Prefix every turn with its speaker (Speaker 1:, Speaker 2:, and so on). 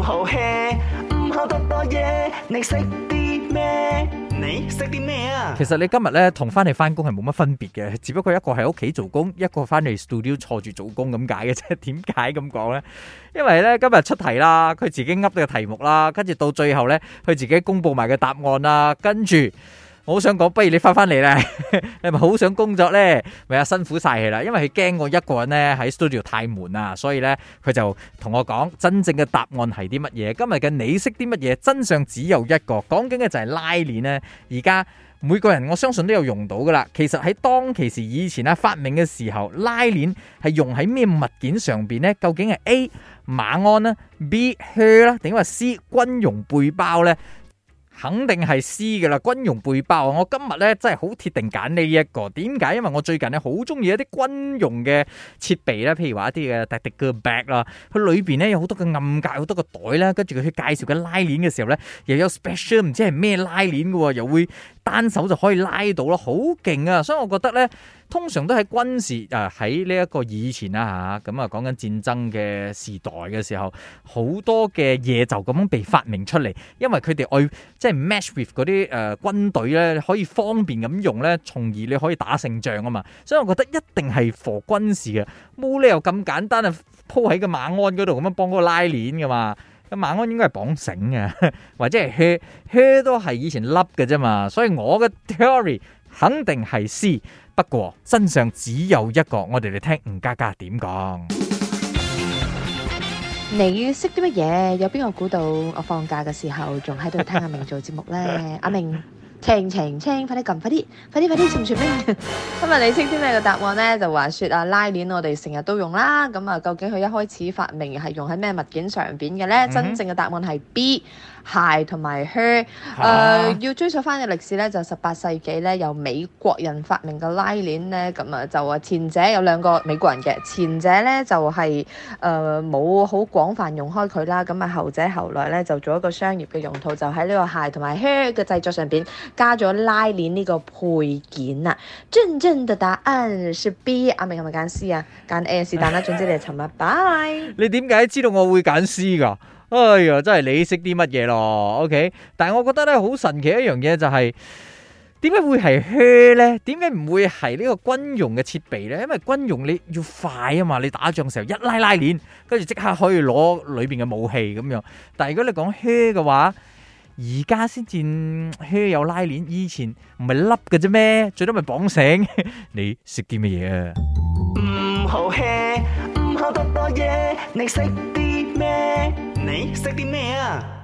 Speaker 1: 唔好 hea，唔好多多嘢，你識啲咩？你識啲咩啊？其實你今日咧同翻嚟翻工係冇乜分別嘅，只不過一個係屋企做工，一個翻嚟 studio 坐住做工咁解嘅啫。點解咁講咧？因為咧今日出題啦，佢自己噏到個題目啦，跟住到最後咧，佢自己公布埋個答案啦，跟住。我好想講，不如你翻翻嚟咧， 你咪好想工作呢？咪啊辛苦晒氣啦，因為佢驚我一個人呢喺 studio 太悶啊，所以呢，佢就同我講，真正嘅答案係啲乜嘢？今日嘅你識啲乜嘢？真相只有一個，講緊嘅就係拉鏈呢。而家每個人我相信都有用到噶啦。其實喺當其時以前啊發明嘅時候，拉鏈係用喺咩物件上邊呢？究竟係 A 馬鞍呢，B 靴啦，定話 C 軍用背包呢？肯定係 C 嘅啦，軍用背包我今日咧真係好鐵定揀呢一個，點解？因為我最近咧好中意一啲軍用嘅設備咧，譬如話一啲嘅特迪格背啦，佢裏邊咧有好多個暗格，好多個袋啦，跟住佢介紹嘅拉鏈嘅時候咧，又有 special 唔知係咩拉鏈嘅喎，又會單手就可以拉到咯，好勁啊！所以我覺得咧。通常都喺軍事啊，喺呢一個以前啦嚇，咁啊講緊戰爭嘅時代嘅時候，好多嘅嘢就咁被發明出嚟，因為佢哋愛即係 match with 嗰啲誒軍隊咧，可以方便咁用咧，從而你可以打勝仗啊嘛。所以我覺得一定係 for 軍事嘅，冇理由咁簡單啊，鋪喺個馬鞍嗰度咁樣幫嗰個拉鏈嘅嘛。個馬鞍應該係綁繩嘅，或者靴靴都係以前笠嘅啫嘛。所以我嘅 theory。肯定係 C。不過真相只有一個，我哋嚟聽吳家家點講。
Speaker 2: 你識啲乜嘢？有邊個估到我放假嘅時候仲喺度聽阿明做節目呢？ 阿明。清清快啲撳，快啲，快啲，快啲，存唔咩？ 今日你清清嚟嘅答案呢，就話說啊，拉鏈我哋成日都用啦。咁啊，究竟佢一開始發明係用喺咩物件上邊嘅呢？嗯、哼真正嘅答案係 B，鞋同埋靴。誒、啊呃，要追溯翻嘅歷史呢，就十八世紀呢，由美國人發明嘅拉鏈呢。咁、嗯、啊就啊前者有兩個美國人嘅，前者呢就係誒冇好廣泛用開佢啦。咁啊後者後來呢，就做一個商業嘅用途，就喺呢個鞋同埋靴嘅製作上邊。加咗拉鏈呢個配件啊！真正的答案是 B 啊，明係咪揀 C 啊？揀 A 還是但啦？總之拜拜 你係沉默拜
Speaker 1: 拜你點解知道我會揀 C 噶？哎呀，真係你識啲乜嘢咯？OK，但係我覺得咧好神奇一樣嘢就係、是，點解會係靴咧？點解唔會係呢個軍用嘅設備咧？因為軍用你要快啊嘛，你打仗嘅時候一拉拉鏈，跟住即刻可以攞裏邊嘅武器咁樣。但係如果你講靴嘅話，而家先至靴有拉鏈，以前唔係笠嘅啫咩？最多咪綁繩。你食啲乜嘢唔唔好好吃，多嘢。你你食食啲啲咩？咩啊？